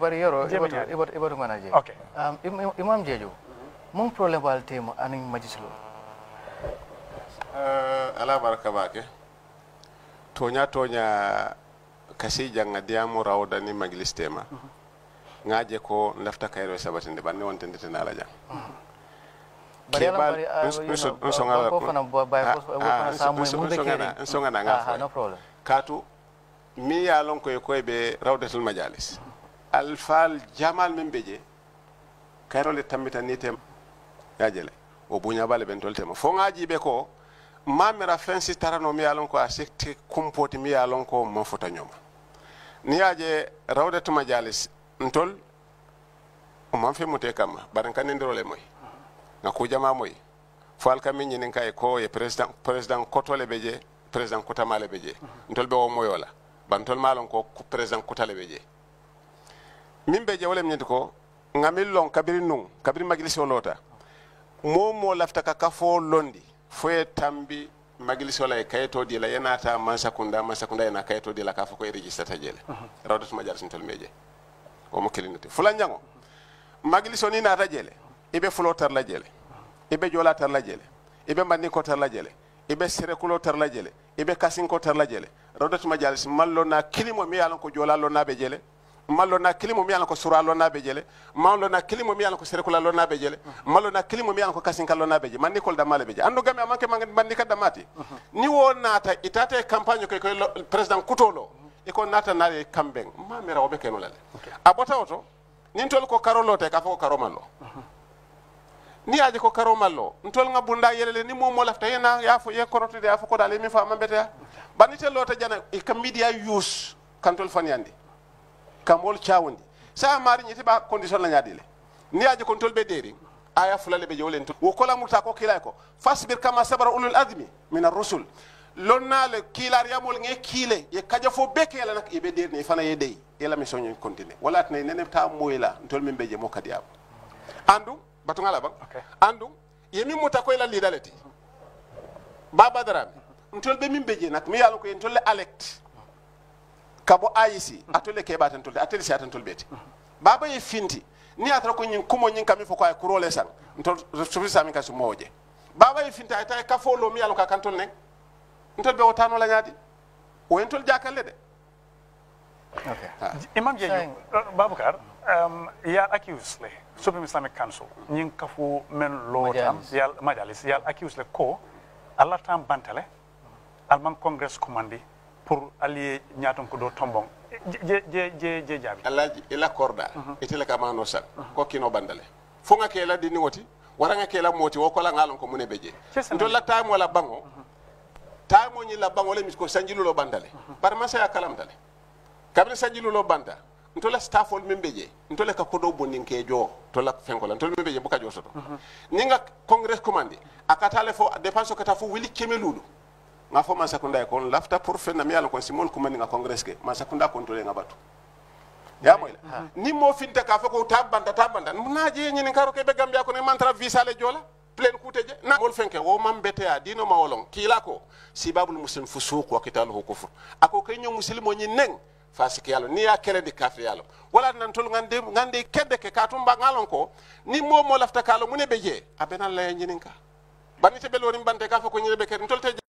ibara ibar ibar ngwana je okay. um, imam jejo mun problem wal tema anin majislo uh, eh, ala baraka bake tonya tonya kasi janga diamu rawda ni majlis tema mhm. ngaje ko lafta kayro sabatinde banne won tendete na ala jang mm -hmm. katu mi ya lon koy be rawdatul majalis alfal jamal men ɓe je kayrole tammitannitema yajele o buñabale ɓen toltema fo ŋajiɓe ko mamira fensi tarano mi yalon ko a sikti kumpoti mi yalon ko man fota ñoma ni yaje rawde tuma jalis ntol o man fe mute kamma baran kanindirole moy ku jama moy fo alkami ñinin kay ko ye président président kotole be je président kotamale be je ntol be o moyola bantol malon ko président kotale be je min be je wolem ñinti ko ŋamin lon kabiri nun kabiri magilisio loota moo moo lafita ka kafoo londi foye tambi magilisio la ye di la ye naata mansakunda mansakunda ye na kayito di la ka fo ko ye registata mhm. je le rawdatuma jarisintol meje je wo mu kilinati fula ñaŋo magilisio ni naata je ibe fulo tara la je ibe jola tar la je ibe i ko mandinko la je ibe sere be tar la je ibe kasin ko kasinko la je le rawdatuma jalisi mal na kilimo mi yalan ko jola lo naa be malona kilimo mi ko sura lona be jele malo kilimo mi ko sere kula lona be jele malo kilimo mi ko kasin kala lona be jele man nikol da male be jele andu gami amanke man man nikada mati ni wo nata itate campagne ko ko president kutolo e ko nata na kamben ma mera obe kenu lale abota oto ni tol ko karolo te ka fo karomalo ni aje ko karomallo ntol nga bunda yelele ni momo lafta yena ya fo ye korotude ya fo ko dale mi fa mambete ya banite lota jana e kam media yus kantol fanyandi kam wol cawodi sa mari ba condition le ni aji kontol ɓe deeri aya fulale be jowlen to wo murta ko kiilay ko fasbir kama sabara ulul azmi min rusul lonnale kilar yamol nge kiile ye kaja fo be kela nak ibe deeri ni fana ye dey ela mi soño continue wala tanayi nene ta moyla ntol min beje mo kadi andu batu ngala bang okay. andu ye min muta koyla baba babadarami ntol be min beje nak mi yaalo tol le alect kabo ayisi atole ke baten tolde atele si aten tolbeti baba ye finti ni atara ko nyin kumo nyin kami foko ay kurole san ntol sufi sami kasu moje baba ye finti ayta ka folo mi alo ka kanton ne ntol be wotano la nyaadi o en tol jakalle de okay imam jeju uh, babukar um, ya accuse le supreme islamic council nyin kafu men lo tam ya majalis ya accuse le ko alla tam bantale alman congress commandi pour allier ñaton ko do tombon je je je je jabi alaji ila korda uh mhm. -huh. itila sal mhm. ko kino bandale fo nga kela dini woti wara nga kela moti wo ko la ngalon ko mune beje ndo la time wala bango uh -huh. time ni la bango le misko sanjilu lo bandale par mhm. ma sa kalam dale kabri sanjilu lo banda ndo la staffol membe je ndo la ka kodo boninke jo to la fenko la ndo membe je buka jo soto ninga congress commandi akatale fo dépense ko ta fo wili kemelulu nga fo man sakunda e kon lafta pour fenna mi ala kon simol kumani nga congress ke man sakunda contrôler nga batu ya moy la ni mo finta ka fa ko tabanda tabanda na je ni ni karo ke be gambia ko ne mantra visa le jola plein kute je na mol fenke wo mam bete ya dino ma wolon kila ko sibabul muslim fusuq wa qitaluhu kufr ako ke muslim muslimo ni neng fasik yalo ni ya kere di kafir yalo wala nan tul ngande ngande kebe ke katumba ngalon ko ni mo mo lafta kalo mune be je abena la ni ka banite be lorim bante ka fa ko ni be ke tol